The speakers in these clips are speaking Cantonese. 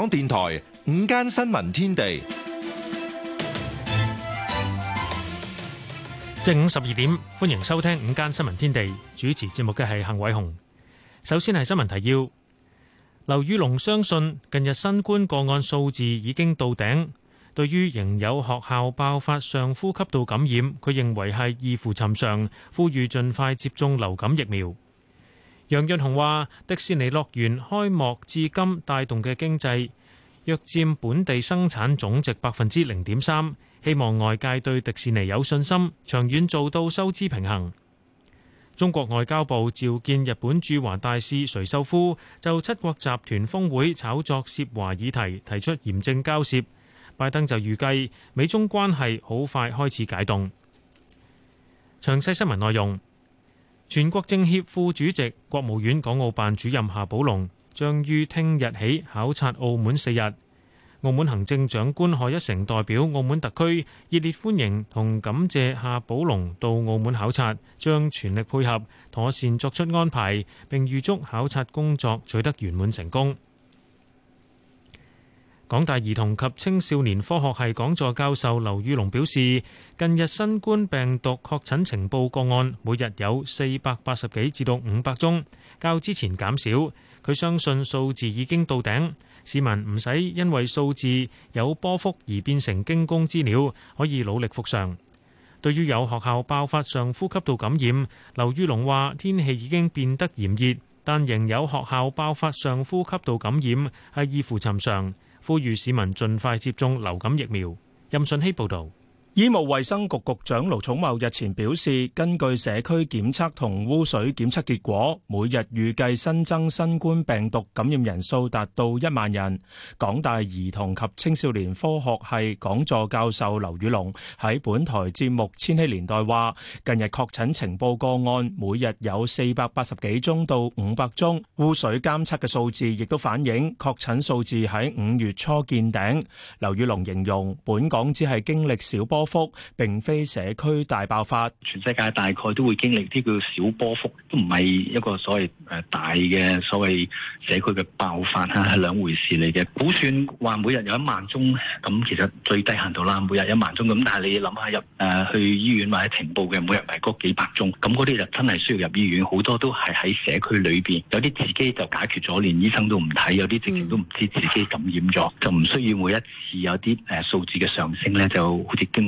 香港電台午間新聞天地，正午十二點，歡迎收聽午間新聞天地。主持節目嘅係幸偉雄。首先係新聞提要。劉宇龍相信，近日新冠個案數字已經到頂。對於仍有學校爆發上呼吸道感染，佢認為係異乎尋常，呼籲盡快接種流感疫苗。楊潤雄話：迪士尼樂園開幕至今帶動嘅經濟，約佔本地生產總值百分之零點三。希望外界對迪士尼有信心，長遠做到收支平衡。中國外交部召見日本駐華大使垂秀夫，就七國集團峰會炒作涉華議題提出嚴正交涉。拜登就預計美中關係好快開始解凍。詳細新聞內容。全國政協副主席、國務院港澳辦主任夏寶龍將於聽日起考察澳門四日。澳門行政長官賀一誠代表澳門特區熱烈歡迎同感謝夏寶龍到澳門考察，將全力配合、妥善作出安排，並預祝考察工作取得圓滿成功。港大兒童及青少年科學系講座教授劉宇龍表示，近日新冠病毒確診情報個案每日有四百八十幾至到五百宗，較之前減少。佢相信數字已經到頂，市民唔使因為數字有波幅而變成驚弓之鳥，可以努力復常。對於有學校爆發上呼吸道感染，劉宇龍話：天氣已經變得炎熱，但仍有學校爆發上呼吸道感染係異乎尋常。呼籲市民盡快接種流感疫苗。任順希報道。醫務衛生局局長盧寵茂，日前表示，根據社區檢測同污水檢測結果，每日預計新增新冠病毒感染人數達到1萬人。港大兒童及青少年科學系講座教授劉宇隆喺本台節目千禧年代話，近日確診情報個案每日有480幾宗到500宗，污水監測嘅數字亦都反映確診數字喺5月初見頂。劉宇隆形容本港只係經歷小波幅並非社區大爆發，全世界大概都會經歷啲叫小波幅，都唔係一個所謂誒大嘅所謂社區嘅爆發嚇，係兩回事嚟嘅。估算話每日有一萬宗，咁其實最低限度啦，每日一萬宗咁，但係你諗下入誒、呃、去醫院或者呈報嘅，每日係嗰幾百宗，咁嗰啲就真係需要入醫院，好多都係喺社區裏邊有啲自己就解決咗，連醫生都唔睇，有啲直情都唔知自己感染咗，就唔需要每一次有啲誒數字嘅上升咧，就好似經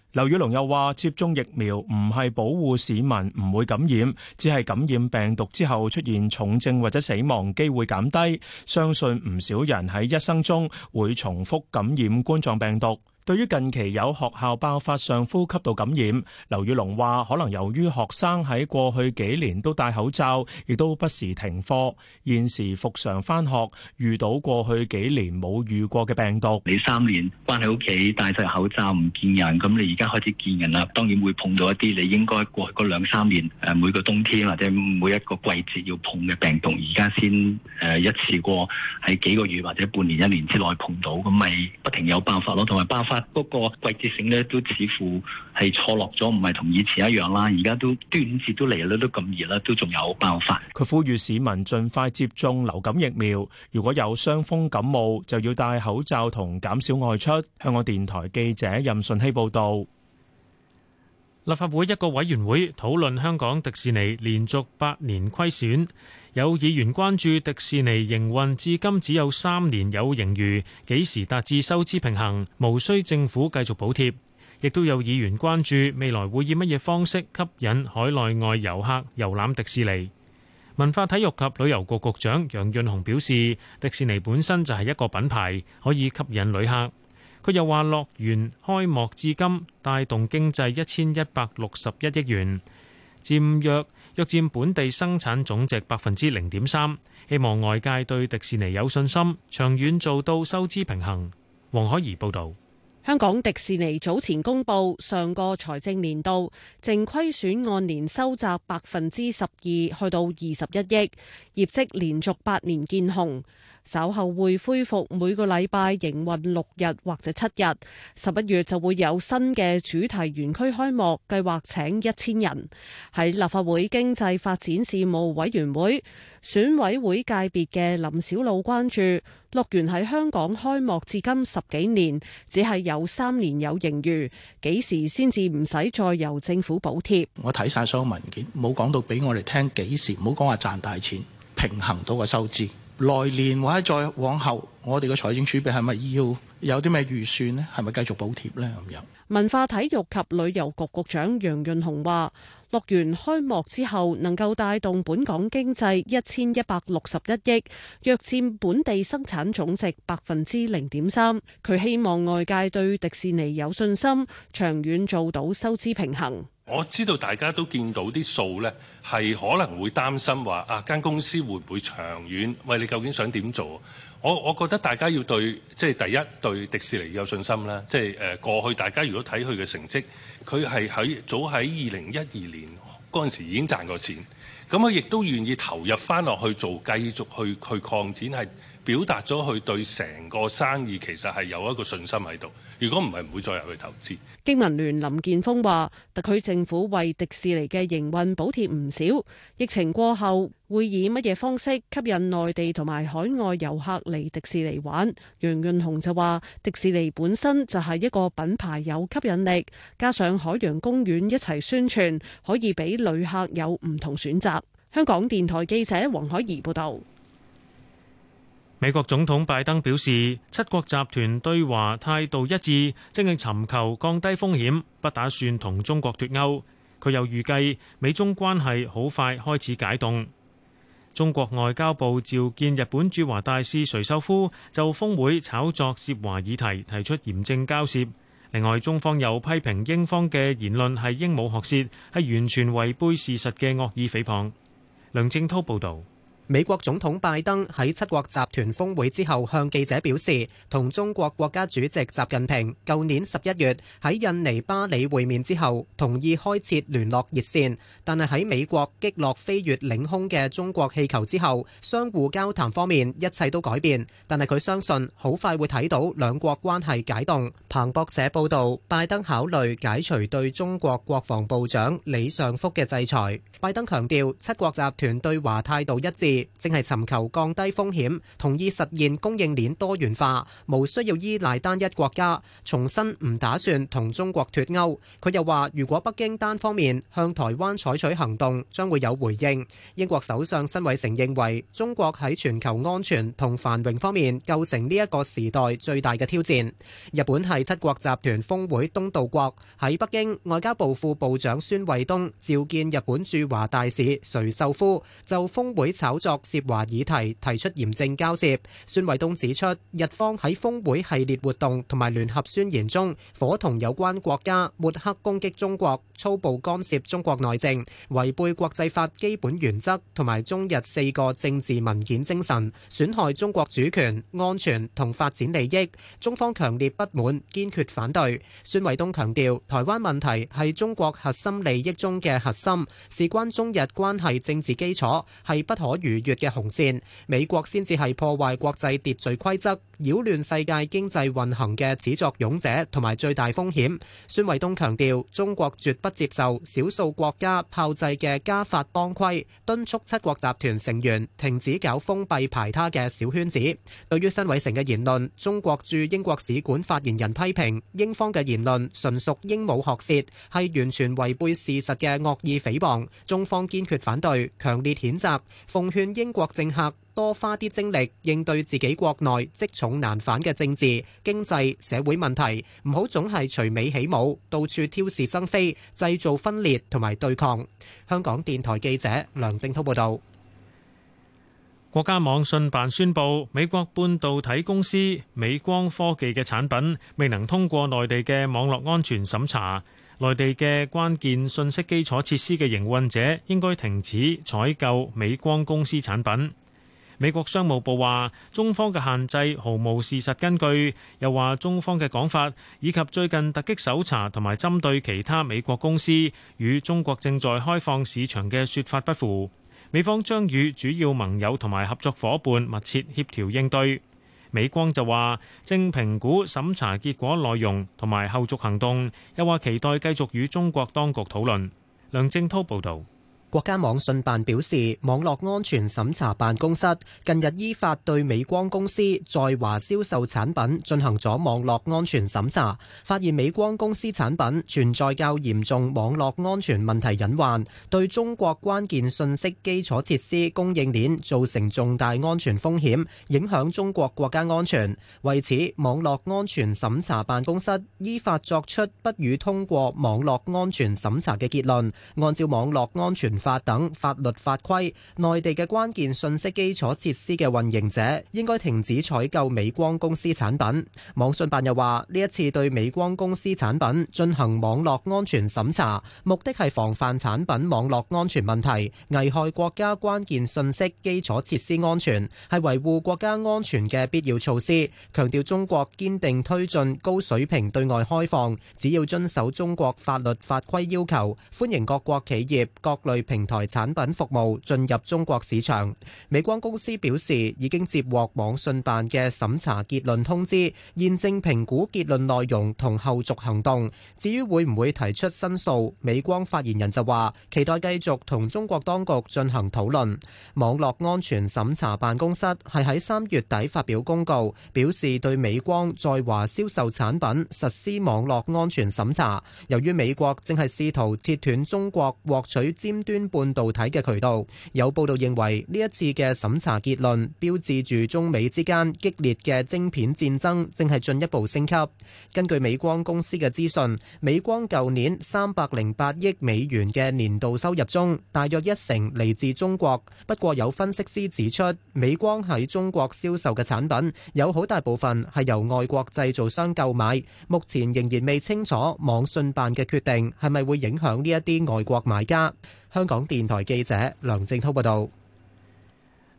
劉宇龍又話：接種疫苗唔係保護市民唔會感染，只係感染病毒之後出現重症或者死亡機會減低。相信唔少人喺一生中會重複感染冠狀病毒。對於近期有學校爆發上呼吸道感染，劉宇龍話：可能由於學生喺過去幾年都戴口罩，亦都不時停課，現時復常翻學，遇到過去幾年冇遇過嘅病毒。你三年關喺屋企戴晒口罩唔見人，咁你而家開始見人啦，當然會碰到一啲你應該過去嗰兩三年誒每個冬天或者每一個季節要碰嘅病毒，而家先誒一次過喺幾個月或者半年一年之內碰到咁，咪不停有爆發咯。同埋爆發嗰個季節性咧，都似乎係錯落咗，唔係同以前一樣啦。而家都端午節都嚟啦，都咁熱啦，都仲有爆發。佢呼籲市民盡快接種流感疫苗。如果有傷風感冒，就要戴口罩同減少外出。香港電台記者任順希報道。立法會一個委員會討論香港迪士尼連續八年虧損，有議員關注迪士尼營運至今只有三年有盈餘，幾時達至收支平衡，無需政府繼續補貼。亦都有議員關注未來會以乜嘢方式吸引海內外遊客遊覽迪士尼。文化體育及旅遊局局長楊潤雄表示，迪士尼本身就係一個品牌，可以吸引旅客。佢又話：樂園開幕至今帶動經濟一千一百六十一億元，佔約，約佔本地生產總值百分之零點三。希望外界對迪士尼有信心，長遠做到收支平衡。黃海怡報導。香港迪士尼早前公布上個財政年度淨虧損按年收窄百分之十二，去到二十一億，業績連續八年見紅。稍後會恢復每個禮拜營運六日或者七日。十一月就會有新嘅主題園區開幕，計劃請一千人喺立法會經濟發展事務委員會選委會界別嘅林筱魯關注樂園喺香港開幕至今十幾年，只係有三年有盈餘，幾時先至唔使再由政府補貼？我睇晒所有文件，冇講到俾我哋聽幾時，唔好講話賺大錢，平衡到個收支。來年或者再往後，我哋嘅財政儲備係咪要有啲咩預算呢？係咪繼續補貼呢？咁樣文化體育及旅遊局局長楊潤雄話。樂園開幕之後，能夠帶動本港經濟一千一百六十一億，約佔本地生產總值百分之零點三。佢希望外界對迪士尼有信心，長遠做到收支平衡。我知道大家都見到啲數呢係可能會擔心話啊，間公司會唔會長遠？喂，你究竟想點做？我我覺得大家要對即係第一對迪士尼有信心啦，即係誒過去大家如果睇佢嘅成績，佢係喺早喺二零一二年嗰陣時已經賺過錢，咁佢亦都願意投入返落去做繼續去去擴展，係表達咗佢對成個生意其實係有一個信心喺度。如果唔係，唔會再入去投資。經民聯林健鋒話：特區政府為迪士尼嘅營運補貼唔少，疫情過後會以乜嘢方式吸引內地同埋海外遊客嚟迪士尼玩？楊潤雄就話：迪士尼本身就係一個品牌，有吸引力，加上海洋公園一齊宣傳，可以俾旅客有唔同選擇。香港電台記者黃海怡報導。美國總統拜登表示，七國集團對華態度一致，正係尋求降低風險，不打算同中國脫鉤。佢又預計美中關係好快開始解凍。中國外交部召見日本駐華大使垂秀夫，就峰會炒作涉華議題提出嚴正交涉。另外，中方又批評英方嘅言論係鸚鵡學舌，係完全違背事實嘅惡意誹謗。梁正滔報導。美國總統拜登喺七國集團峰會之後向記者表示，同中國國家主席習近平舊年十一月喺印尼巴里會面之後，同意開設聯絡熱線。但係喺美國擊落飛越領空嘅中國氣球之後，相互交談方面一切都改變。但係佢相信好快會睇到兩國關係解凍。彭博社報導，拜登考慮解除對中國國防部長李尚福嘅制裁。拜登強調，七國集團對華態度一致。正係尋求降低風險，同意實現供應鏈多元化，無需要依賴單一國家。重申唔打算同中國脫鉤。佢又話：如果北京單方面向台灣採取行動，將會有回應。英國首相辛偉誠認為，中國喺全球安全同繁榮方面構成呢一個時代最大嘅挑戰。日本係七國集團峯會東道國，喺北京外交部副部長孫衛東召見日本駐華大使垂秀夫，就峯會炒。作涉華議題提出嚴正交涉。孫衛東指出，日方喺峰會系列活動同埋聯合宣言中，伙同有關國家抹黑攻擊中國，粗暴干涉中國內政，違背國際法基本原則同埋中日四個政治文件精神，損害中國主權、安全同發展利益，中方強烈不滿，堅決反對。孫衛東強調，台灣問題係中國核心利益中嘅核心，事關中日關係政治基礎，係不可逾。逾越嘅紅線，美國先至係破壞國際秩序規則，擾亂世界經濟運行嘅始作俑者同埋最大風險，孫衛東強調中國絕不接受少數國家炮製嘅家法幫規，敦促七國集團成員停止搞封閉排他嘅小圈子。對於辛偉誠嘅言論，中國駐英國使館發言人批評英方嘅言論純屬鸚鵡學舌，係完全違背事實嘅惡意誹謗，中方堅決反對，強烈譴責，奉勸英國政客，多花啲精力應對自己國內積重難返嘅政治、經濟、社會問題，唔好總係隨美起舞，到處挑事生非，製造分裂同埋對抗。香港電台記者梁正濤報道。國家網信辦宣佈，美國半導體公司美光科技嘅產品未能通過內地嘅網絡安全審查，內地嘅關鍵信息基礎設施嘅營運者應該停止採購美光公司產品。美國商務部話中方嘅限制毫無事實根據，又話中方嘅講法以及最近突擊搜查同埋針對其他美國公司與中國正在開放市場嘅説法不符。美方將與主要盟友同埋合作伙伴密切協調應對。美光就話正評估審查結果內容同埋後續行動，又話期待繼續與中國當局討論。梁正滔報導。國家網信辦表示，網絡安全審查辦公室近日依法對美光公司在華銷售產品進行咗網絡安全審查，發現美光公司產品存在較嚴重網絡安全問題隱患，對中國關鍵信息基礎設施供應鏈造成重大安全風險，影響中國國家安全。為此，網絡安全審查辦公室依法作出不予通過網絡安全審查嘅結論。按照網絡安全，法等法律法規，內地嘅關鍵信息基礎設施嘅運營者應該停止採購美光公司產品。網信辦又話，呢一次對美光公司產品進行網絡安全審查，目的係防範產品網絡安全問題，危害國家關鍵信息基礎設施安全，係維護國家安全嘅必要措施。強調中國堅定推進高水平對外開放，只要遵守中國法律法規要求，歡迎各國企業各類。平台產品服務進入中國市場，美光公司表示已經接獲網信辦嘅審查結論通知，現正評估結論內容同後續行動。至於會唔會提出申訴，美光發言人就話期待繼續同中國當局進行討論。網絡安全審查辦公室係喺三月底發表公告，表示對美光在華銷售產品實施網絡安全審查。由於美國正係試圖切斷中國獲取尖端。半導體嘅渠道。有報道認為，呢一次嘅審查結論標誌住中美之間激烈嘅晶片戰爭正係進一步升級。根據美光公司嘅資訊，美光舊年三百零八億美元嘅年度收入中，大約一成嚟自中國。不過有分析師指出，美光喺中國銷售嘅產品有好大部分係由外國製造商購買。目前仍然未清楚網信辦嘅決定係咪會影響呢一啲外國買家。香港電台記者梁正濤報道：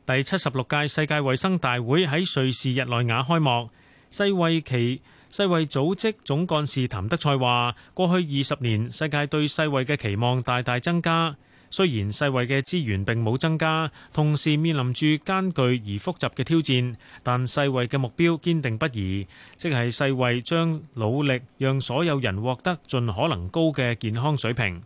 第七十六屆世界衛生大會喺瑞士日內瓦開幕。世衛期世衛組織總幹事譚德塞話：過去二十年，世界對世衛嘅期望大大增加。雖然世衛嘅資源並冇增加，同時面臨住艱巨而複雜嘅挑戰，但世衛嘅目標堅定不移，即係世衛將努力讓所有人獲得盡可能高嘅健康水平。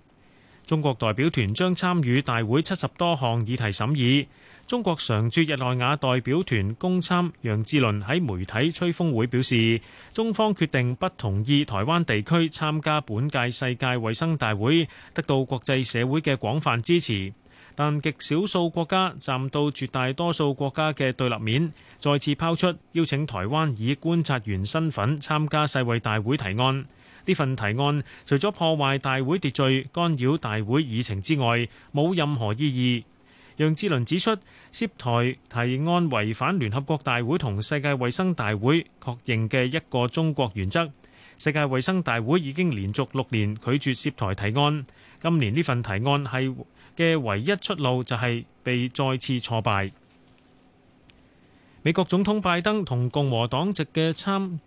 中國代表團將參與大會七十多項議題審議。中國常駐日內瓦代表團公參楊志倫喺媒體吹風會表示，中方決定不同意台灣地區參加本屆世界衛生大會，得到國際社會嘅廣泛支持。但極少數國家站到絕大多數國家嘅對立面，再次拋出邀請台灣以觀察員身份參加世衛大會提案。呢份提案除咗破壞大會秩序，干擾大會議程之外，冇任何意義。楊志倫指出，涉台提案違反聯合國大會同世界衛生大會確認嘅一個中國原則，世界衛生大會已經連續六年拒絕涉台提案。今年呢份提案係嘅唯一出路，就係被再次挫敗。美國總統拜登同共和黨籍嘅參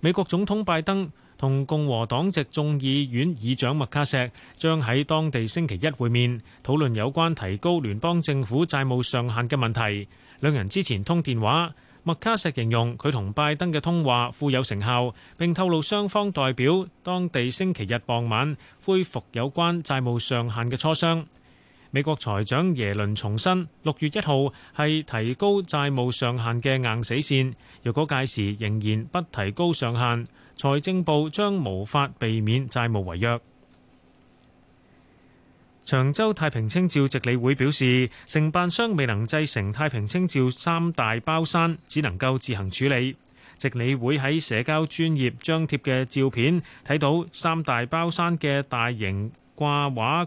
美國總統拜登。同共和黨籍眾議院議長麥卡錫將喺當地星期一會面，討論有關提高聯邦政府債務上限嘅問題，兩人之前通電話，麥卡錫形容佢同拜登嘅通話富有成效，並透露雙方代表當地星期日傍晚恢復有關債務上限嘅磋商。美國財長耶倫重申，六月一號係提高債務上限嘅硬死線，若果屆時仍然不提高上限。財政部將無法避免債務違約。長洲太平清醮值理會表示，承辦商未能製成太平清醮三大包山，只能夠自行處理。值理會喺社交專頁張貼嘅照片，睇到三大包山嘅大型掛畫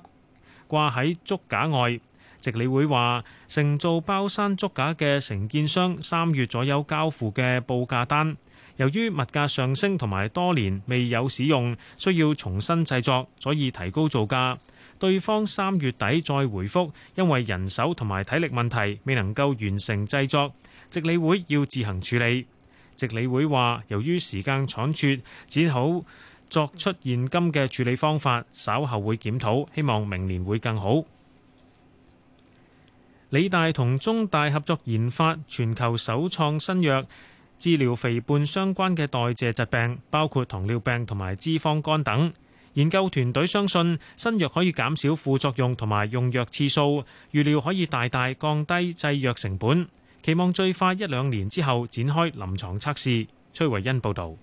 掛喺竹架外。值理會話，承造包山竹架嘅承建商三月左右交付嘅報價單。由於物價上升同埋多年未有使用，需要重新製作，所以提高造價。對方三月底再回覆，因為人手同埋體力問題，未能夠完成製作。直理會要自行處理。直理會話，由於時間倉促，只好作出現金嘅處理方法，稍後會檢討，希望明年會更好。理大同中大合作研發全球首創新藥。治療肥胖相關嘅代謝疾病，包括糖尿病同埋脂肪肝等。研究團隊相信新藥可以減少副作用同埋用藥次數，預料可以大大降低製藥成本。期望最快一兩年之後展開臨床測試。崔維恩報導。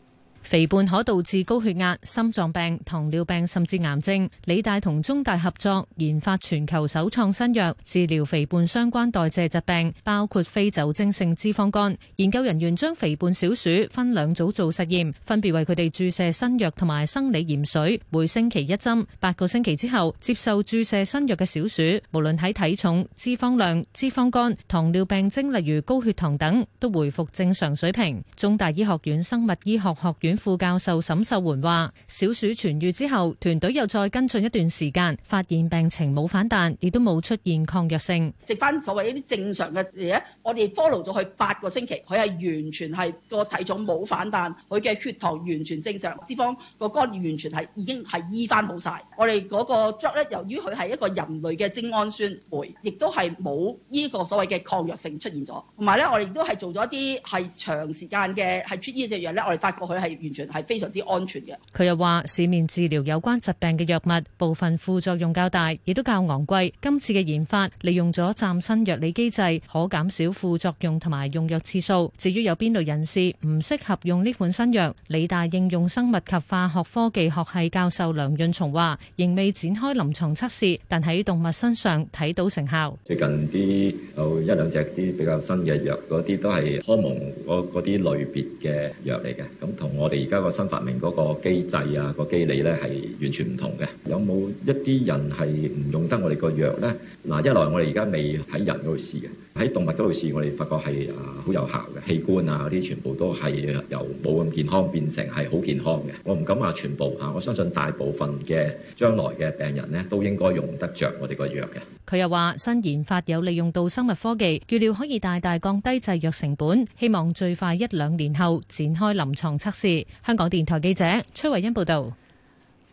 肥胖可導致高血壓、心臟病、糖尿病甚至癌症。理大同中大合作研發全球首創新藥，治療肥胖相關代謝疾病，包括非酒精性脂肪肝。研究人員將肥胖小鼠分兩組做實驗，分別為佢哋注射新藥同埋生理鹽水，每星期一針。八個星期之後，接受注射新藥嘅小鼠，無論喺體重、脂肪量、脂肪肝、糖尿病症例如高血糖等，都回復正常水平。中大醫學院生物醫學學院副教授沈秀環話：小鼠痊愈之後，團隊又再跟進一段時間，發現病情冇反彈，亦都冇出現抗藥性。食翻所謂一啲正常嘅嘢，我哋 follow 咗佢八個星期，佢係完全係個體重冇反彈，佢嘅血糖完全正常，脂肪個肝完全係已經係醫翻好晒。我哋嗰個 drug 咧，由於佢係一個人類嘅精氨酸酶，亦都係冇呢個所謂嘅抗藥性出現咗。同埋咧，我哋亦都係做咗啲係長時間嘅，係出呢隻藥咧，我哋發覺佢係。完全係非常之安全嘅。佢又話：市面治療有關疾病嘅藥物，部分副作用較大，亦都較昂貴。今次嘅研發利用咗嶄新藥理機制，可減少副作用同埋用藥次數。至於有邊類人士唔適合用呢款新藥，理大應用生物及化學科技學系教授梁潤松話：仍未展開臨床測試，但喺動物身上睇到成效。最近啲有一兩隻啲比較新嘅藥，嗰啲都係康蒙嗰啲類別嘅藥嚟嘅，咁同我。而家個新發明嗰個機制啊，個機理咧係完全唔同嘅。有冇一啲人係唔用得我哋個藥咧？嗱，一來我哋而家未喺人嗰度試嘅。喺動物嗰度試，我哋發覺係啊，好有效嘅。器官啊嗰啲，全部都係由冇咁健康變成係好健康嘅。我唔敢話全部啊，我相信大部分嘅將來嘅病人呢，都應該用得着我哋個藥嘅。佢又話新研發有利用到生物科技，預料可以大大降低製藥成本，希望最快一兩年後展開臨床測試。香港電台記者崔慧恩報道。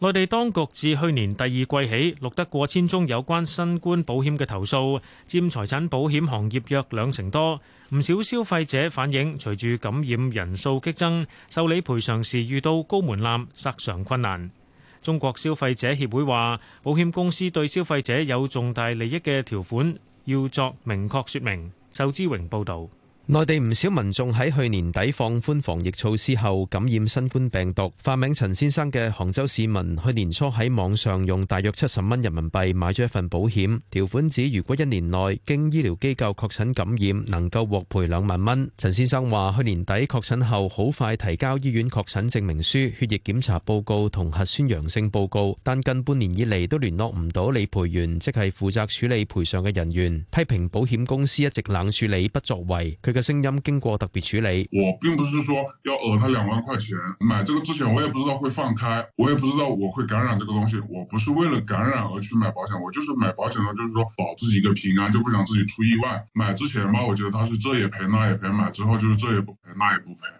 內地當局自去年第二季起錄得過千宗有關新冠保險嘅投訴，佔財產保險行業約兩成多。唔少消費者反映，隨住感染人數激增，受理賠償時遇到高門檻，索償困難。中國消費者協會話，保險公司對消費者有重大利益嘅條款要作明確說明。就之榮報導。內地唔少民眾喺去年底放寬防疫措施後感染新冠病毒。化名陳先生嘅杭州市民，去年初喺網上用大約七十蚊人民幣買咗一份保險，條款指如果一年內經醫療機構確診感染，能夠獲賠兩萬蚊。陳先生話：去年底確診後，好快提交醫院確診證明書、血液檢查報告同核酸陽性報告，但近半年以嚟都聯絡唔到理賠員，即係負責處理賠償嘅人員，批評保險公司一直冷處理、不作為。佢嘅聲音經過特別處理。我並不是說要訛他兩萬塊錢，買這個之前我也不知道會放開，我也不知道我會感染這個東西。我不是為了感染而去買保險，我就是買保險呢，就是說保自己一個平安，就不想自己出意外。買之前嘛，我覺得他是這也賠，那也賠，買之後就是這也不賠，那也不賠。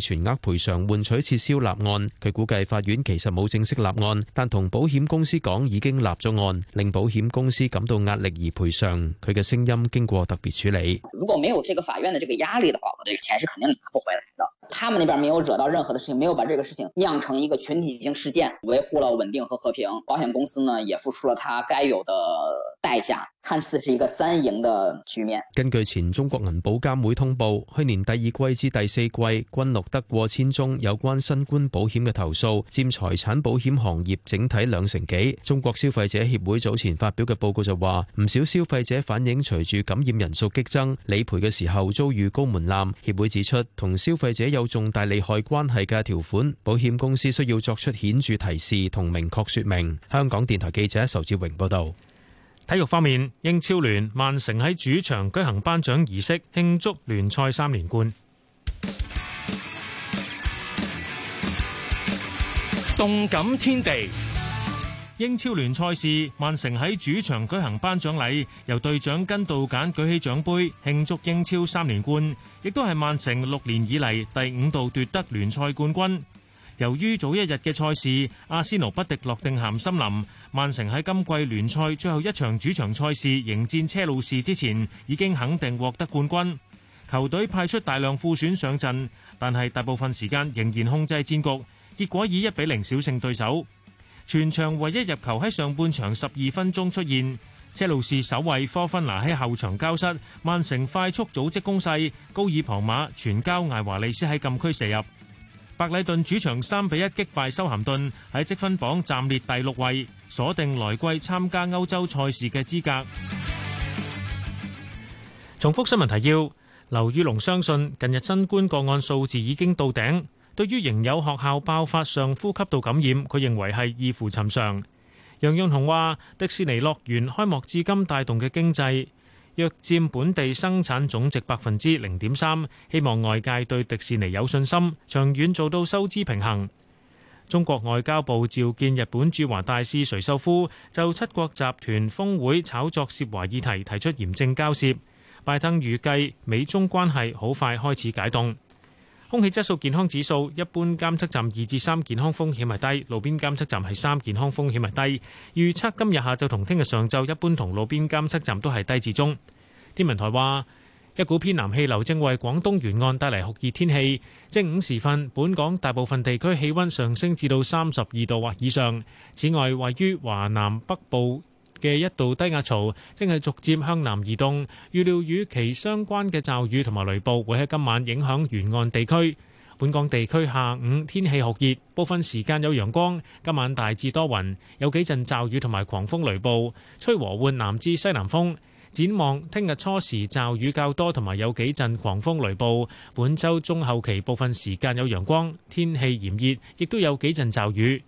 全額賠償換取撤銷立案，佢估計法院其實冇正式立案，但同保險公司講已經立咗案，令保險公司感到壓力而賠償。佢嘅聲音經過特別處理。如果沒有這個法院的這個壓力的話，我這個錢是肯定拿不回來的。他們那邊沒有惹到任何的事情，沒有把這個事情釀成一個群體性事件，維護了穩定和和平。保險公司呢也付出了它該有的代價。看似是一個三贏的局面。根據前中國銀保監會通報，去年第二季至第四季均錄得過千宗有關新冠保險嘅投訴，占財產保險行業整體兩成幾。中國消費者協會早前發表嘅報告就話，唔少消費者反映隨住感染人數激增，理賠嘅時候遭遇高門檻。協會指出，同消費者有重大利害關係嘅條款，保險公司需要作出顯著提示同明確說明。香港電台記者仇志榮報道。體育方面，英超聯曼城喺主場舉行頒獎儀式，慶祝聯賽三連冠。動感天地，英超聯賽事，曼城喺主場舉行頒獎禮，由隊長根道簡舉起獎盃，慶祝英超三連冠，亦都係曼城六年以嚟第五度奪得聯賽冠軍。由於早一日嘅賽事，阿仙奴不敵諾定咸森林。曼城喺今季聯賽最後一場主場賽事迎戰車路士之前，已經肯定獲得冠軍。球隊派出大量副選上陣，但係大部分時間仍然控制戰局，結果以一比零小勝對手。全場唯一入球喺上半場十二分鐘出現，車路士守衛科芬拿喺後場交失，曼城快速組織攻勢，高爾旁馬傳交艾華利斯喺禁區射入。白禮頓主場三比一擊敗修咸頓，喺積分榜暫列第六位，鎖定來季參加歐洲賽事嘅資格。重複新聞提要：劉宇龍相信近日新冠個案數字已經到頂，對於仍有學校爆發上呼吸道感染，佢認為係異乎尋常。楊潤雄話：迪士尼樂園開幕至今帶動嘅經濟，約佔本地生產總值百分之零點三，希望外界對迪士尼有信心，長遠做到收支平衡。中國外交部召見日本駐華大使垂秀夫，就七國集團峰會炒作涉華議題提出嚴正交涉。拜登預計美中關係好快開始解凍。空氣質素健康指數，一般監測站二至三健康風險係低，路邊監測站係三健康風險係低。預測今日下晝同聽日上晝，一般同路邊監測站都係低至中。天文台話，一股偏南氣流正為廣東沿岸帶嚟酷熱天氣。正午時分，本港大部分地區氣温上升至到三十二度或以上。此外，位於華南北部嘅一道低壓槽正係逐漸向南移動，預料與其相關嘅驟雨同埋雷暴會喺今晚影響沿岸地區。本港地區下午天氣酷熱，部分時間有陽光，今晚大致多雲有幾陣驟雨同埋狂風雷暴，吹和緩南至西南風。展望聽日初時驟雨較多，同埋有幾陣狂風雷暴。本周中後期部分時間有陽光，天氣炎熱，亦都有幾陣驟雨。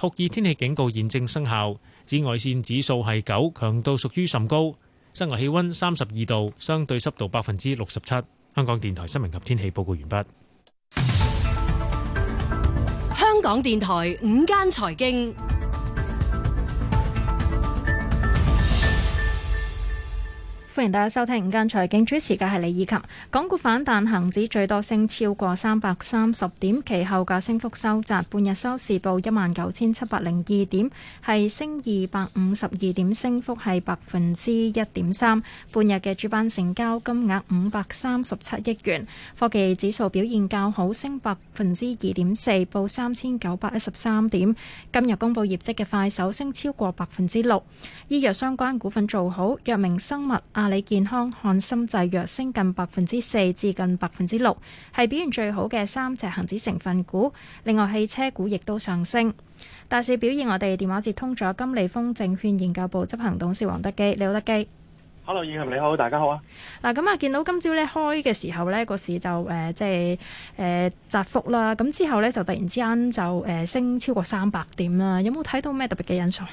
酷熱天氣警告現正生效。紫外線指數係九，強度屬於甚高。室外氣溫三十二度，相對濕度百分之六十七。香港電台新聞及天氣報告完畢。香港電台午間財經。歡迎大家收聽《午間財經》，主持嘅係李以琴。港股反彈，恒指最多升超過三百三十點，其後嘅升幅收窄，半日收市報一萬九千七百零二點，係升二百五十二點，升幅係百分之一點三。半日嘅主板成交金額五百三十七億元。科技指數表現較好，升百分之二點四，報三千九百一十三點。今日公布業績嘅快手升超過百分之六，醫藥相關股份做好，藥明生物。阿里健康、翰森製藥升近百分之四至近百分之六，係表現最好嘅三隻恒指成分股。另外，汽車股亦都上升。大市表現，我哋電話接通咗金利豐證券研究部執行董事黃德基，你好，德基。Hello，葉涵，你好，大家好啊。嗱，咁啊，見到今朝咧開嘅時候呢，個市就誒即係誒窄幅啦。咁之後呢，就突然之間就誒、呃、升超過三百點啦。有冇睇到咩特別嘅因素？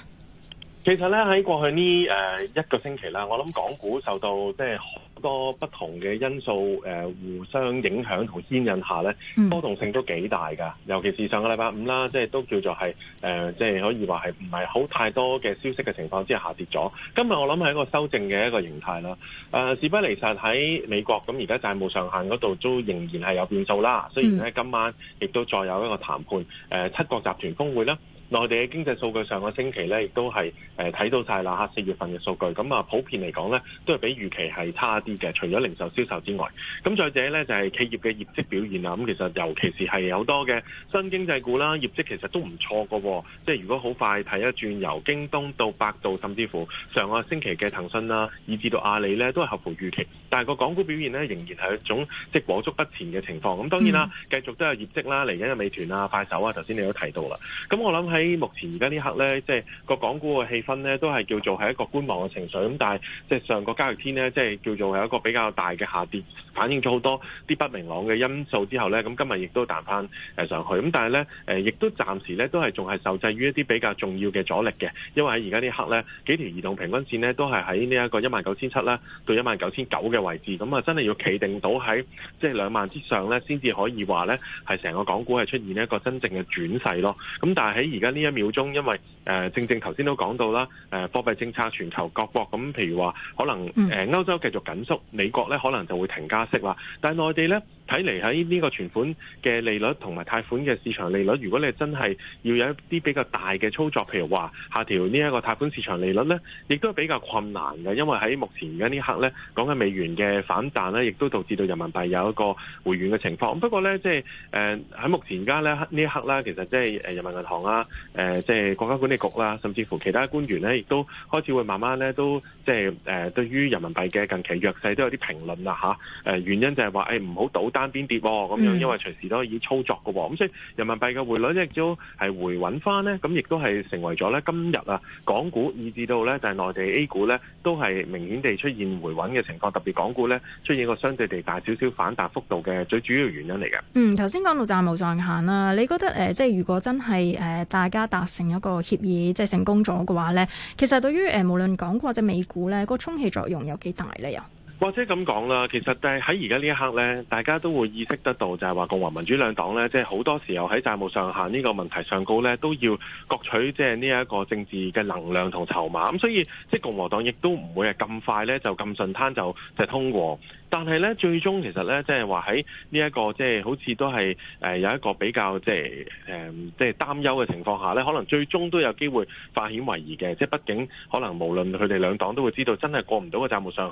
其實咧喺過去呢誒、呃、一個星期啦，我諗港股受到即係好多不同嘅因素誒、呃、互相影響同牽引下咧，波動性都幾大㗎。尤其是上個禮拜五啦，即係都叫做係誒、呃，即係可以話係唔係好太多嘅消息嘅情況之下，下跌咗。今日我諗係一個修正嘅一個形態啦。誒、呃，事不離實喺美國咁而家債務上限嗰度都仍然係有變數啦。雖然咧今晚亦都再有一個談判誒、呃、七國集團峰會啦。內地嘅經濟數據上個星期咧，亦都係誒睇到晒啦，四月份嘅數據。咁啊，普遍嚟講咧，都係比預期係差啲嘅。除咗零售銷售之外，咁再者咧就係、是、企業嘅業績表現啦。咁、啊、其實尤其是係好多嘅新經濟股啦、啊，業績其實都唔錯嘅、哦。即、就、係、是、如果好快睇一轉，由京東到百度，甚至乎上個星期嘅騰訊啦，以至到阿里咧，都係合乎預期。但係個港股表現咧，仍然係一種即裹足不前嘅情況。咁當然啦，嗯、繼續都有業績啦，嚟緊嘅美團啊、快手啊，頭先你都提到啦。咁我諗喺目前而家呢刻呢，即係個港股嘅氣氛呢，都係叫做係一個觀望嘅情緒。咁但係即係上個交易天呢，即係叫做係一個比較大嘅下跌，反映咗好多啲不明朗嘅因素之後呢，咁今日亦都彈翻誒上去。咁但係呢，誒亦都暫時呢，都係仲係受制於一啲比較重要嘅阻力嘅。因為喺而家呢刻呢，幾條移動平均線呢，都係喺呢一個一萬九千七啦，到一萬九千九嘅位置。咁啊，真係要企定到喺即係兩萬之上呢，先至可以話呢，係成個港股係出現一個真正嘅轉勢咯。咁但係喺而家。呢一秒鐘，因為誒、呃、正正頭先都講到啦，誒貨幣政策全球各國咁、嗯，譬如話可能誒歐、呃、洲繼續緊縮，美國咧可能就會停加息啦，但係內地咧。睇嚟喺呢個存款嘅利率同埋貸款嘅市場利率，如果你真係要有一啲比較大嘅操作，譬如話下調呢一個貸款市場利率呢，亦都比較困難嘅，因為喺目前而家呢刻呢，講緊美元嘅反彈呢，亦都導致到人民幣有一個回軟嘅情況。不過呢，即係誒喺目前而家咧呢一刻啦，其實即係人民銀行啊，誒即係國家管理局啦、啊，甚至乎其他官員呢，亦都開始會慢慢呢，都即係誒對於人民幣嘅近期弱勢都有啲評論啦嚇。誒、呃、原因就係話誒唔好倒間變跌咁樣，嗯嗯、因為隨時都可以操作嘅。咁所以人民幣嘅匯率亦都係回穩翻咧。咁亦都係成為咗咧今日啊，港股以至到咧就係內地 A 股咧，都係明顯地出現回穩嘅情況。特別港股咧，出現個相對地大少少反彈幅度嘅，最主要原因嚟嘅。嗯，頭先講到債務上限啦，你覺得誒、呃，即係如果真係誒、呃、大家達成一個協議，即係成功咗嘅話咧，其實對於誒、呃、無論港股或者美股咧，個充氣作用有幾大咧？又？或者咁講啦，其實誒喺而家呢一刻咧，大家都會意識得到，就係話共和民主兩黨咧，即係好多時候喺債務上限呢個問題上高咧，都要各取即係呢一個政治嘅能量同籌碼。咁所以即係共和黨亦都唔會係咁快咧，就咁順攤就就通過。但係咧，最終其實咧，即係話喺呢一個即係、就是、好似都係誒有一個比較即係誒即係擔憂嘅情況下咧，可能最終都有機會化險為夷嘅。即係畢竟可能無論佢哋兩黨都會知道，真係過唔到個債務上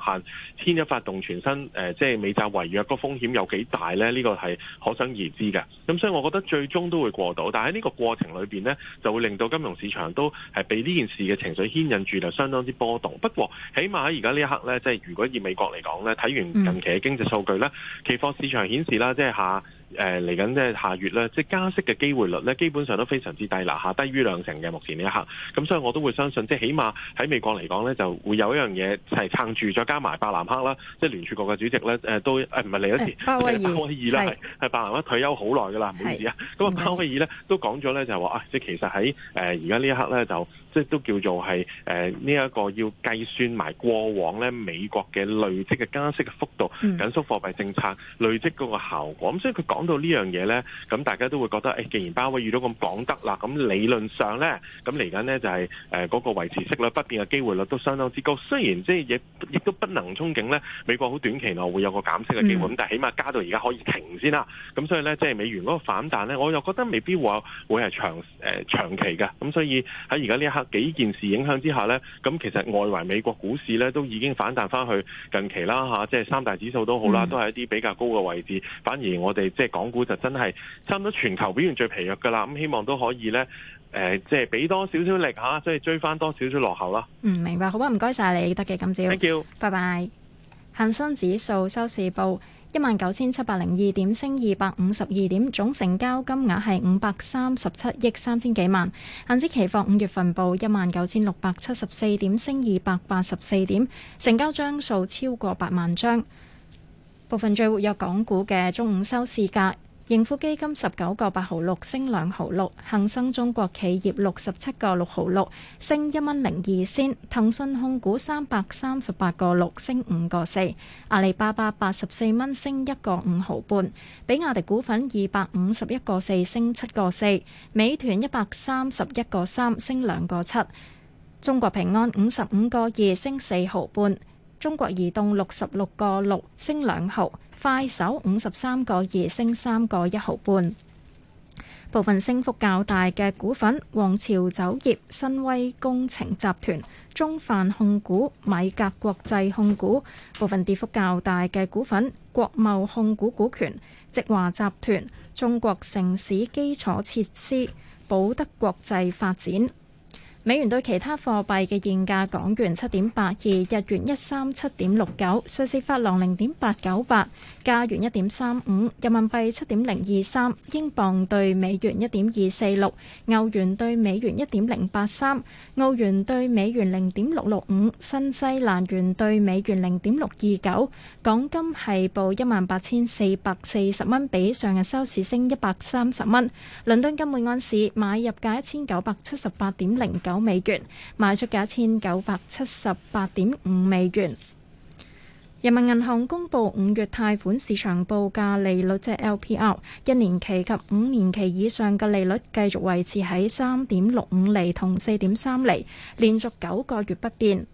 限，牽一發動全身誒，即、呃、係、就是、美債違約個風險有幾大咧？呢個係可想而知嘅。咁、嗯、所以我覺得最終都會過到，但係呢個過程裏邊咧，就會令到金融市場都係被呢件事嘅情緒牽引住，就相當之波動。不過起碼喺而家呢一刻咧，即係如果以美國嚟講咧，睇完。近期嘅經濟數據咧，期貨市場顯示啦，即係下。誒嚟緊即係下月咧，即係加息嘅機會率咧，基本上都非常之低啦，下低於兩成嘅目前呢一刻。咁所以我都會相信，即係起碼喺美國嚟講咧，就會有一樣嘢係撐住，再加埋伯南克啦，即係聯儲局嘅主席咧，誒都誒唔係嚟一次，鮑威爾，鮑威爾啦，係係伯南克退休好耐嘅啦，唔好意思啊。咁啊，鮑威爾咧都講咗咧，就係話啊，即係其實喺誒而家呢一刻咧，就即係都叫做係誒呢一個要計算埋過往咧美國嘅累積嘅加息嘅幅度，緊縮貨幣政策累積嗰個效果。咁所以佢講。講到呢樣嘢呢，咁大家都會覺得誒、欸，既然鮑威爾都咁講得啦，咁理論上呢，咁嚟緊呢，就係誒嗰個維持息率不變嘅機會率都相當之高。雖然即係嘢，亦都不能憧憬呢，美國好短期內會有個減息嘅機會。咁但係起碼加到而家可以停先啦。咁所以呢，即係美元嗰個反彈呢，我又覺得未必話會係長誒、呃、長期嘅。咁所以喺而家呢一刻幾件事影響之下呢，咁其實外圍美國股市呢，都已經反彈翻去近期啦嚇、啊，即係三大指數都好啦，都係一啲比較高嘅位置。反而我哋即係。港股就真係差唔多全球表現最疲弱噶啦，咁、嗯、希望都可以呢，誒、呃，即係俾多少少力嚇，即、啊、以、就是、追翻多少少落後啦。嗯，明白，好啊，唔該晒你，得嘅，今朝，thank you，拜拜。恆生指數收市報一萬九千七百零二點，升二百五十二點，總成交金額係五百三十七億三千幾萬。恆指期貨五月份報一萬九千六百七十四點，升二百八十四點，成交張數超過八萬張。部分最活躍港股嘅中午收市價，盈富基金十九個八毫六升兩毫六，恒生中國企業六十七個六毫六升一蚊零二仙，騰訊控股三百三十八個六升五個四，阿里巴巴八十四蚊升一個五毫半，比亞迪股份二百五十一個四升七個四，美團一百三十一個三升兩個七，中國平安五十五個二升四毫半。中國移動六十六個六升兩毫，快手五十三個二升三個一毫半。部分升幅較大嘅股份：王朝酒業、新威工程集團、中泛控股、米格國際控股。部分跌幅較大嘅股份：國貿控股股權、積華集團、中國城市基礎設施、保德國際發展。美元對其他貨幣嘅現價：港元七點八二，日元一三七點六九，瑞士法郎零點八九八，加元一點三五，人民幣七點零二三，英鎊對美元一點二四六，歐元對美元一點零八三，澳元對美元零點六六五，新西蘭元對美元零點六二九。港金係報一萬八千四百四十蚊，比上日收市升一百三十蚊。倫敦金每安士買入價一千九百七十八點零九。美元賣出價一千九百七十八點五美元。人民銀行公布五月貸款市場報價利率即 LPR，一年期及五年期以上嘅利率繼續維持喺三點六五厘同四點三厘，連續九個月不變。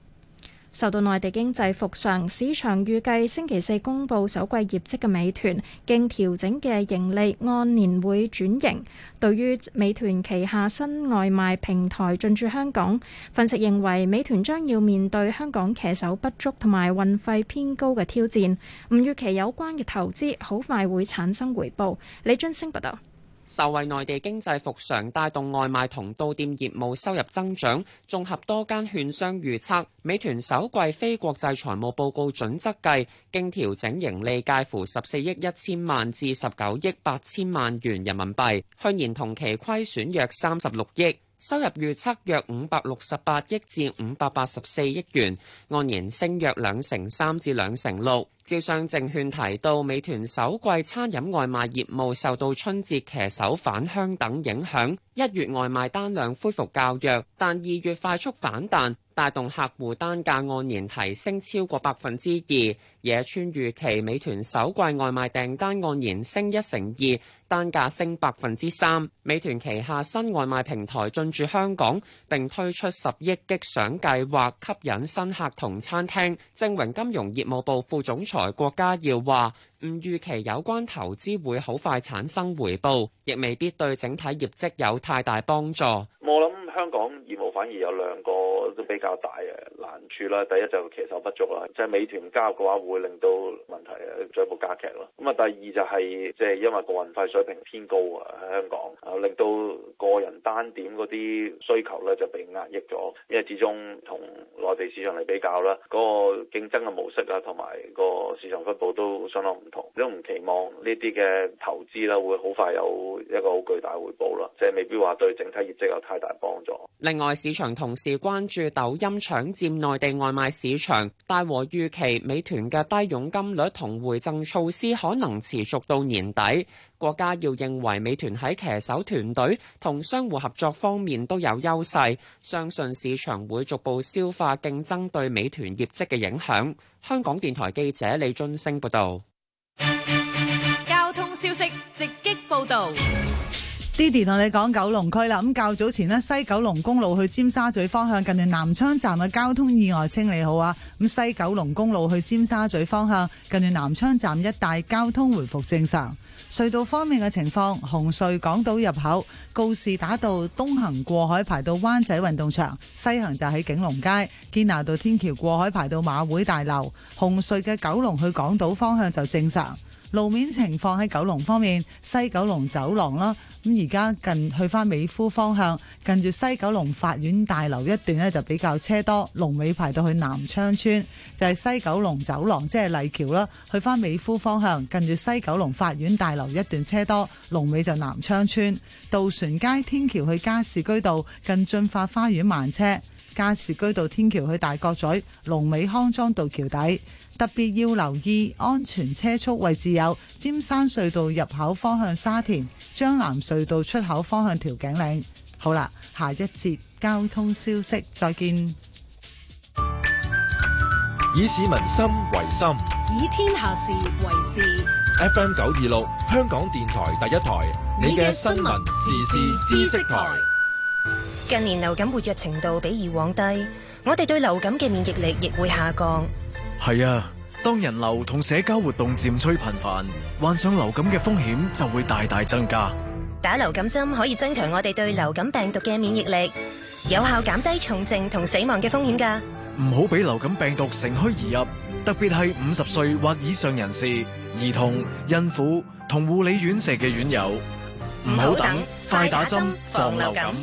受到內地經濟復常，市場預計星期四公佈首季業績嘅美團，經調整嘅盈利按年會轉型。對於美團旗下新外賣平台進駐香港，分析認為美團將要面對香港騎手不足同埋運費偏高嘅挑戰。唔預期有關嘅投資好快會產生回報。李津星不，報道。受惠內地經濟復常，帶動外賣同到店業務收入增長。綜合多間券商預測，美團首季非國際財務報告準則計，經調整盈利介乎十四億一千萬至十九億八千萬元人民幣，去年同期虧損約三十六億，收入預測約五百六十八億至五百八十四億元，按年升約兩成三至兩成六。招商證券提到，美團首季餐飲外賣業務受到春節騎手返鄉等影響，一月外賣單量恢復較弱，但二月快速反彈，帶動客戶單價按年提升超過百分之二。野村預期美團首季外賣訂單按年升一成二，單價升百分之三。美團旗下新外賣平台進駐香港，並推出十億激賞計劃吸引新客同餐廳。正榮金融業務部副總財國家要話唔預期有關投資會好快產生回報，亦未必對整體業績有太大幫助。我諗。香港業務反而有兩個都比較大嘅難處啦。第一就騎手不足啦，即係美團加入嘅話會令到問題啊進一步加劇咯。咁啊，第二就係即係因為個運費水平偏高啊，喺香港啊，令到個人單點嗰啲需求咧就被壓抑咗。因為始終同內地市場嚟比較啦，嗰個競爭嘅模式啊，同埋個市場分布都相當唔同。都唔期望呢啲嘅投資啦，會好快有一個好巨大回報啦。即係未必話對整體業績有太大幫助。另外，市場同時關注抖音搶佔內地外賣市場，大和預期美團嘅低佣金率同回贈措施可能持續到年底。國家要認為美團喺騎手團隊同商戶合作方面都有優勢，相信市場會逐步消化競爭對美團業績嘅影響。香港電台記者李俊升報道。交通消息直擊報道。Didi 同你講九龍區啦，咁、嗯、較早前呢，西九龍公路去尖沙咀方向，近段南昌站嘅交通意外清理好啊，咁、嗯、西九龍公路去尖沙咀方向，近段南昌站一帶交通回復正常。隧道方面嘅情況，紅隧港島入口，告士打道東行過海排到灣仔運動場，西行就喺景隆街，堅拿道天橋過海排到馬會大樓，紅隧嘅九龍去港島方向就正常。路面情況喺九龍方面，西九龍走廊啦，咁而家近去翻美孚方向，近住西九龍法院大樓一段呢，就比較車多，龍尾排到去南昌村，就係、是、西九龍走廊即係麗橋啦。去翻美孚方向，近住西九龍法院大樓一段車多，龍尾就南昌村。渡船街天橋去加士居道，近俊發花園慢車。加士居道天橋去大角咀，龍尾康莊道橋底。特別要留意安全車速位置，有尖山隧道入口方向沙田，張南隧道出口方向調景嶺。好啦，下一節交通消息，再見。以市民心為心，以天下事為事。FM 九二六，香港電台第一台，你嘅新聞時事知識台。近年流感活躍程度比以往低，我哋對流感嘅免疫力亦會下降。係啊，當人流同社交活動漸趨頻繁，患上流感嘅風險就會大大增加。打流感針可以增強我哋對流感病毒嘅免疫力，有效減低重症同死亡嘅風險噶。唔好俾流感病毒乘虛而入，特別係五十歲或以上人士、兒童、孕婦同護理院舍嘅院友。唔好等，快打針，防流感。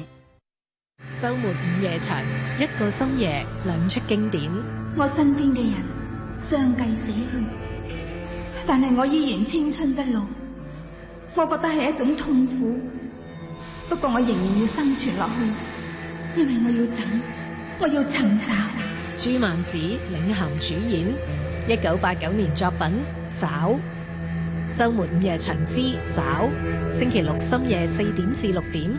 週末午夜場，一個深夜，兩出經典。我身邊嘅人。相繼死去，但係我依然青春不老。我覺得係一種痛苦，不過我仍然要生存落去，因為我要等，我要尋找。朱曼子領銜主演，一九八九年作品《找》。周末午夜長之找，星期六深夜四點至六點，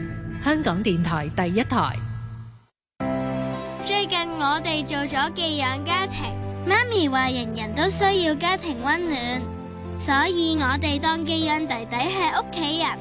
香港電台第一台。最近我哋做咗寄養家庭。媽咪話：說人人都需要家庭溫暖，所以我哋當寄養弟弟係屋企人。